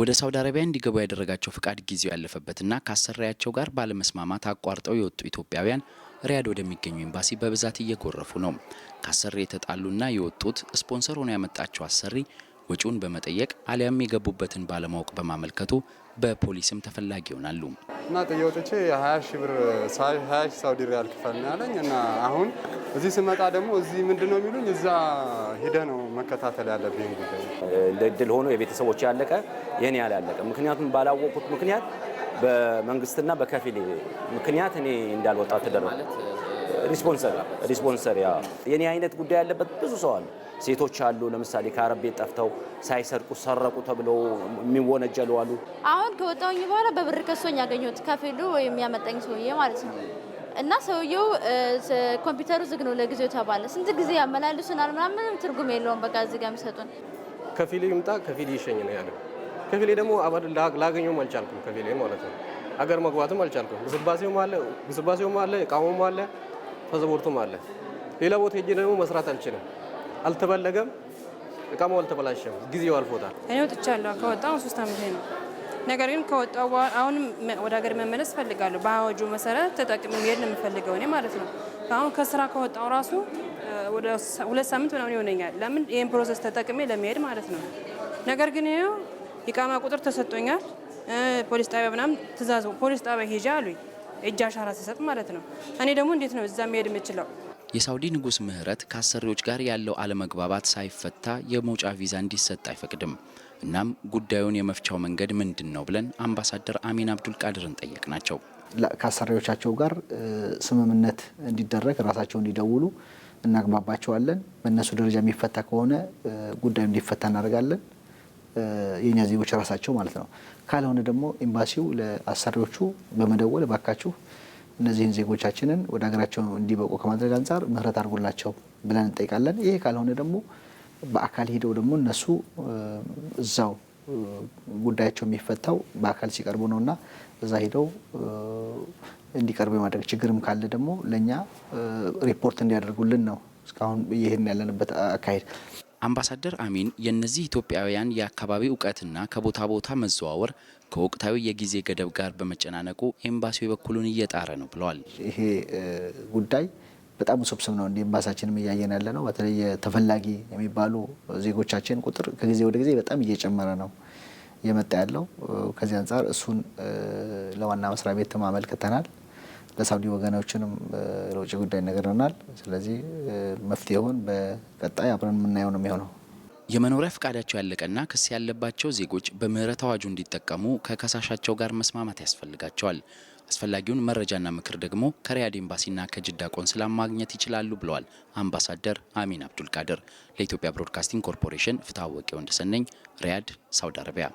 ወደ ሳውዲ አረቢያ እንዲገቡ ያደረጋቸው ፍቃድ ጊዜው ያለፈበትና ከአሰሪያቸው ጋር ባለመስማማት አቋርጠው የወጡ ኢትዮጵያውያን ሪያድ ወደሚገኙ ኤምባሲ በብዛት እየጎረፉ ነው። ከአሰሪ የተጣሉና የወጡት ስፖንሰር ሆኖ ያመጣቸው አሰሪ ወጪውን በመጠየቅ አሊያም የገቡበትን ባለማወቅ በማመልከቱ በፖሊስም ተፈላጊ ይሆናሉ። እና ጥዬ ሀያ ሺህ ብር ሀያ ሺህ ሳውዲ ሪያል ክፈል ያለኝ እና አሁን እዚህ ስመጣ ደግሞ እዚህ ምንድን ነው የሚሉኝ እዛ ሂደ ነው መከታተል ያለብኝ ጉዳይ። እንደ እድል ሆኖ የቤተሰቦች ያለቀ ይህን ያህል ያለቀ ምክንያቱም ባላወቁት ምክንያት በመንግስትና በከፊል ምክንያት እኔ እንዳልወጣ ተደረገ። ሪስፖንሰር ሪስፖንሰር ያ የኔ አይነት ጉዳይ ያለበት ብዙ ሰው አለ። ሴቶች አሉ። ለምሳሌ ከአረብ ቤት ጠፍተው ሳይሰርቁ ሰረቁ ተብለው የሚወነጀሉ አሉ። አሁን ከወጣውኝ በኋላ በብር ከሶኝ ያገኘሁት ከፊሉ ወይም ያመጣኝ ሰውዬ ማለት ነው። እና ሰውየው ኮምፒውተሩ ዝግ ነው ለጊዜው ተባለ። ስንት ጊዜ ያመላልሱናል ምናምን፣ ትርጉም የለውም። በቃ እዚህ ጋር የሚሰጡን ከፊል ይምጣ ከፊል ይሸኝ ነው ያለው። ከፊሌ ደግሞ አባድ ላገኘውም አልቻልኩም። ከፊሌ ማለት ነው አገር መግባትም አልቻልኩም። ግስባሴውም አለ ግስባሴውም አለ እቃውም አለ ፓስፖርቱም አለ። ሌላ ቦታ ሄጄ ደግሞ መስራት አልችልም። አልተበለገም፣ እቃማው አልተበላሸም፣ ጊዜው አልፎታል። እኔ ወጥቻለሁ። ከወጣሁ ሶስት ዓመት ነው። ነገር ግን ከወጣሁ አሁንም ወደ ሀገር መመለስ እፈልጋለሁ። በአዋጁ መሰረት ተጠቅሜ መሄድ ነው የምፈልገው እኔ ማለት ነው። አሁን ከስራ ከወጣሁ ራሱ ወደ ሁለት ሳምንት ምናምን ይሆነኛል። ለምን ይህን ፕሮሰስ ተጠቅሜ ለመሄድ ማለት ነው። ነገር ግን ይኸው የቃማ ቁጥር ተሰጥቶኛል። ፖሊስ ጣቢያ ምናምን ትእዛዝ ፖሊስ ጣቢያ ሄጃ አሉኝ እጅ አሻራ ሲሰጥ ማለት ነው። እኔ ደግሞ እንዴት ነው እዛ መሄድ የምችለው? የሳውዲ ንጉስ ምህረት ከአሰሪዎች ጋር ያለው አለመግባባት ሳይፈታ የመውጫ ቪዛ እንዲሰጥ አይፈቅድም። እናም ጉዳዩን የመፍቻው መንገድ ምንድን ነው ብለን አምባሳደር አሚን አብዱል ቃድርን ጠየቅናቸው። ከአሰሪዎቻቸው ጋር ስምምነት እንዲደረግ ራሳቸው እንዲደውሉ እናግባባቸዋለን። በእነሱ ደረጃ የሚፈታ ከሆነ ጉዳዩ እንዲፈታ እናደርጋለን። የእኛ ዜጎች ራሳቸው ማለት ነው። ካልሆነ ደግሞ ኤምባሲው ለአሰሪዎቹ በመደወል ባካችሁ እነዚህን ዜጎቻችንን ወደ ሀገራቸው እንዲበቁ ከማድረግ አንጻር ምህረት አድርጉላቸው ብለን እንጠይቃለን። ይሄ ካልሆነ ደግሞ በአካል ሄደው ደግሞ እነሱ እዛው ጉዳያቸው የሚፈታው በአካል ሲቀርቡ እና እዛ ሄደው እንዲቀርቡ የማድረግ ችግርም ካለ ደግሞ ለእኛ ሪፖርት እንዲያደርጉልን ነው እስካሁን ይህን ያለንበት አካሄድ። አምባሳደር አሚን የእነዚህ ኢትዮጵያውያን የአካባቢ እውቀትና ከቦታ ቦታ መዘዋወር ከወቅታዊ የጊዜ ገደብ ጋር በመጨናነቁ ኤምባሲው የበኩሉን እየጣረ ነው ብለዋል። ይሄ ጉዳይ በጣም ውስብስብ ነው። እንዲህ ኤምባሳችንም እያየን ያለ ነው። በተለይ ተፈላጊ የሚባሉ ዜጎቻችን ቁጥር ከጊዜ ወደ ጊዜ በጣም እየጨመረ ነው የመጣ ያለው። ከዚህ አንጻር እሱን ለዋና መስሪያ ቤት ማመልክተናል። ለሳውዲ ወገናዎችንም ለውጭ ጉዳይ ነግረናል። ስለዚህ መፍትሄውን በቀጣይ አብረን የምናየው ነው የሚሆነው። የመኖሪያ ፈቃዳቸው ያለቀና ክስ ያለባቸው ዜጎች በምህረት አዋጁ እንዲጠቀሙ ከከሳሻቸው ጋር መስማማት ያስፈልጋቸዋል። አስፈላጊውን መረጃና ምክር ደግሞ ከሪያድ ኤምባሲና ከጅዳ ቆንስላ ማግኘት ይችላሉ ብለዋል አምባሳደር አሚን አብዱል ቃድር። ለኢትዮጵያ ብሮድካስቲንግ ኮርፖሬሽን ፍትሐወቂ ወንደሰነኝ ሪያድ፣ ሳውዲ አረቢያ።